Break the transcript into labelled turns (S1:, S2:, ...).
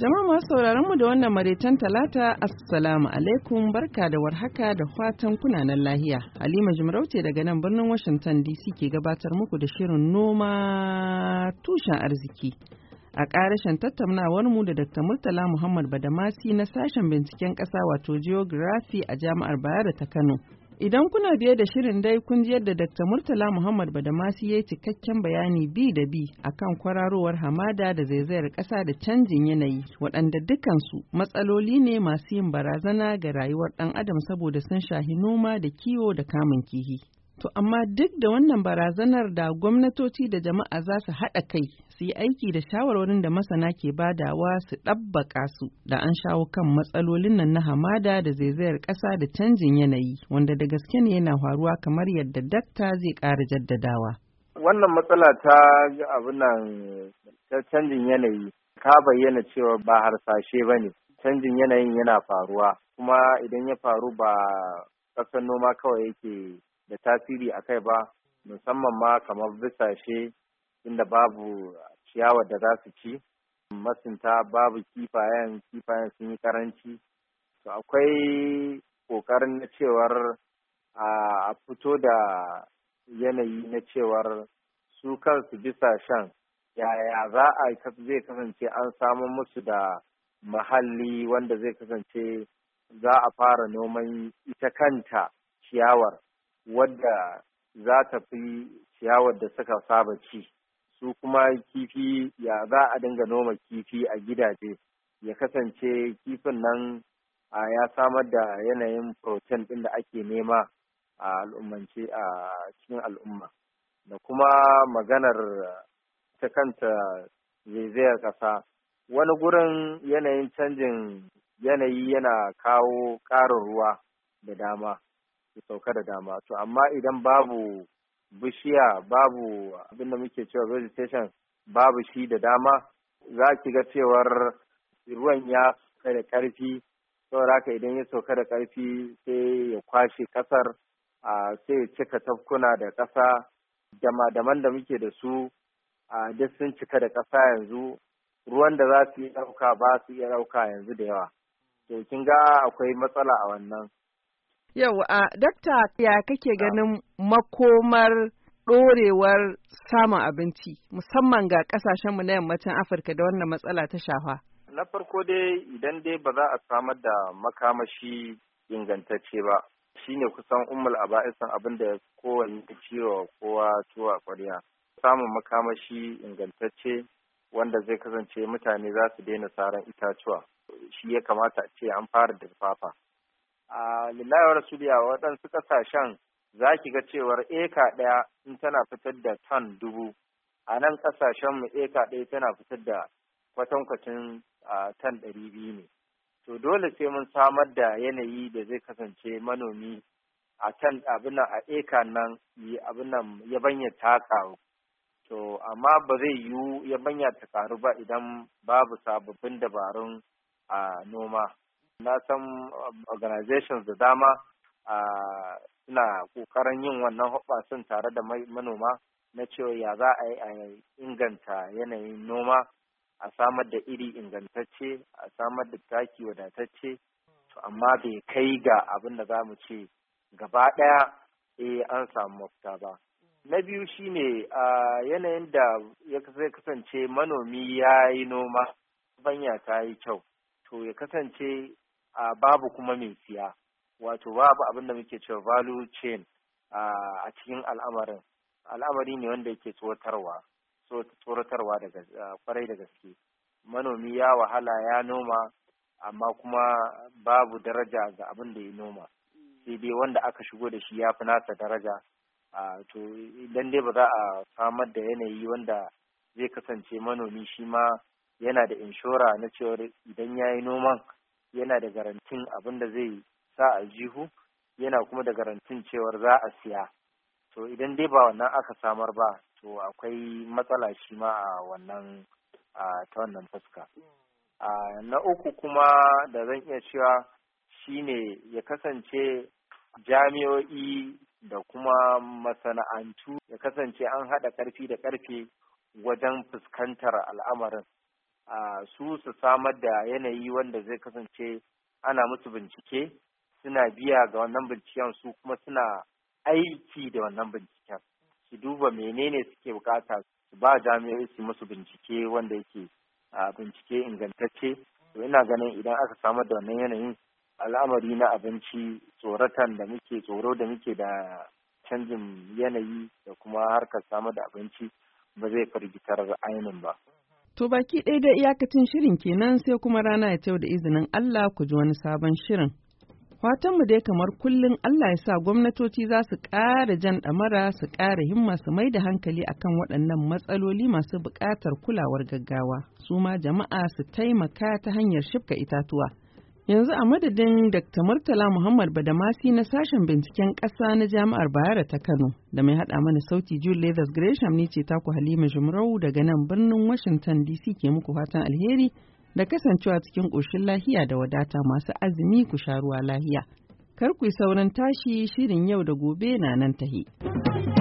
S1: Jama'a masu sauraron mu da wannan maraitan talata assalamu alaikum barka da warhaka da fatan kunanan lahiya. Halima Jimarauce daga nan birnin Washington DC ke gabatar muku da shirin noma tushen arziki. A ƙarashen tattaunawar mu da Dr. Murtala Muhammad Badamasi na sashen binciken ƙasa wato geography a jami'ar Bayero ta Kano. Idan kuna biye da shirin dai kun ji yadda Dr. Murtala Muhammad Badamasi ya yi cikakken bayani bi da bi akan kwararowar hamada da zaizayar ƙasa da canjin yanayi waɗanda dukansu matsaloli ne masu yin barazana ga rayuwar ɗan adam saboda sun shahi noma da kiwo da kamun kihi. To amma duk da wannan barazanar da gwamnatoci da jama'a za su haɗa kai su yi aiki da shawarwarin da masana ke badawa su ɗabbaka su da an shawo kan matsalolin nan na hamada da zaizayar ƙasa da canjin yanayi wanda da gaske ne yana faruwa kamar yadda dakta zai ƙara jaddadawa.
S2: Wannan matsala ta abin nan ta canjin yanayi ka bayyana cewa ba harsashe ba ne canjin yanayin yana faruwa kuma idan ya faru ba ƙasar noma kawai yake da tasiri a kai ba musamman ma kamar bisashe inda babu ciyawa da za su ci masinta babu kifayen kifayen sun yi karanci to akwai kokarin na cewar a fito da yanayi na cewar su kansu bisashen yaya za a zai kasance an samu musu da mahalli wanda zai kasance za a fara noman ita kanta ciyawar wadda za ta fi ciyawar da suka saba ci su kuma kifi ya za a dinga noma kifi a gidaje ya kasance kifin nan ya samar da yanayin protein ɗin da ake nema a al'ummance a cikin al'umma da kuma maganar ta kanta zaizayar ƙasa wani gurin yanayin canjin yanayi yana kawo ƙarin ruwa da dama su sauka da dama to amma idan babu bishiya babu abin da muke cewa vegetation babu shi da dama za ki ga cewar ruwan ya sauka da ƙarfi saboda haka idan ya sauka da ƙarfi sai ya kwashe ƙasar sai ya cika tafkuna da ƙasa dama-daman da muke da su duk sun cika da ƙasa yanzu ruwan da za su yi ɗauka ba su iya ɗauka yanzu da yawa to kin ga akwai matsala a wannan
S1: Yau a dakta ya kake ganin makomar ɗorewar samun abinci musamman ga ƙasashenmu na yammacin Afirka da wannan matsala ta shafa?
S2: Na farko dai idan dai ba za a samar da makamashi ingantacce ba shine kusan ummul aba'isan abin da kowanne ciwo kowa tuwa kwarya samun makamashi ingantacce wanda zai kasance mutane za su daina saran itatuwa shi ya kamata a ce an fara da fafa a lillahi wa rasuli a waɗansu ƙasashen za ki ga cewar eka ɗaya in tana fitar da ton dubu a nan ƙasashen mu eka ɗaya tana fitar da kwatankwacin ton ɗari biyu ne to dole sai mun samar da yanayi da zai kasance manomi a can abin a eka nan abin nan yabanya ta to amma ba zai yiwu ya banya ta karu ba idan babu sababbin dabarun a noma na san um, organizations da dama suna kokarin yin wannan hoɓasun tare da manoma na cewa ya za a yi a inganta yanayin noma a samar da iri ingantacce a samar da taki wadatacce to amma bai kai ga abin da za mu ce gaba ɗaya eh an samu mafita ba na biyu shine a yanayin da ya kasance manomi ya yi noma banya ta yi kyau to ya kasance a babu kuma mai siya wato babu abin da muke cewa value chain a cikin al'amarin al'amari ne wanda yake tsoratarwa tsoratarwa daga kwarai da gaske manomi ya wahala ya noma amma kuma babu daraja ga abin da ya noma sai dai wanda aka shigo da shi ya fi nasa daraja to idan dai ba za a samar da yanayi wanda zai kasance manomi shi ma yana da inshora na cewar idan ya yi noman yana da garantin abin da zai sa aljihu yana kuma da garantin cewar za a siya to idan dai ba wannan aka samar ba to akwai matsala shi ma a wannan ta wannan fuska na uku kuma da zan iya cewa shine ya kasance jami'o'i da kuma masana'antu ya kasance an haɗa ƙarfi da ƙarfe wajen fuskantar al'amarin su su samar da yanayi wanda zai kasance ana musu bincike suna biya ga wannan binciken su kuma suna aiki da wannan binciken su duba menene suke bukata su ba jami'ai su musu bincike wanda yake a bincike ingantacce to ina ganin idan aka samar da wannan yanayin al'amari na abinci tsoratan da muke tsoro da muke da canjin yanayi da kuma harkar samar da abinci ba zai firgitar ainin ba.
S1: To baki ɗaya da iyakacin shirin kenan sai kuma rana ya tau da izinin Allah ku ji wani sabon shirin. Fatanmu dai kamar kullum Allah ya sa gwamnatoci za su ƙara jan ɗamara su ƙara himma su mai da hankali akan waɗannan matsaloli masu buƙatar kulawar gaggawa, su ma jama'a su taimaka ta hanyar shifka itatuwa. Yanzu a madadin Dr. Murtala Muhammad Badamasi na sashen binciken ƙasa na Jami'ar Bayero ta Kano da mai haɗa mana sauti Jude Leathers Gresham ne ce taku Halima Jumrau daga nan birnin Washington DC ke muku fatan alheri da kasancewa cikin ƙoshin lahiya da wadata masu azumi ku sha ruwa lahiya. Kar ku sauran tashi shirin yau da gobe na nan tahi.